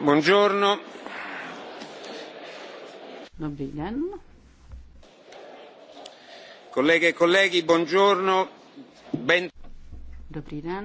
Buongiorno. Dobrý den. Kolege, kolegi, buongiorno. Ben... Dobrý den.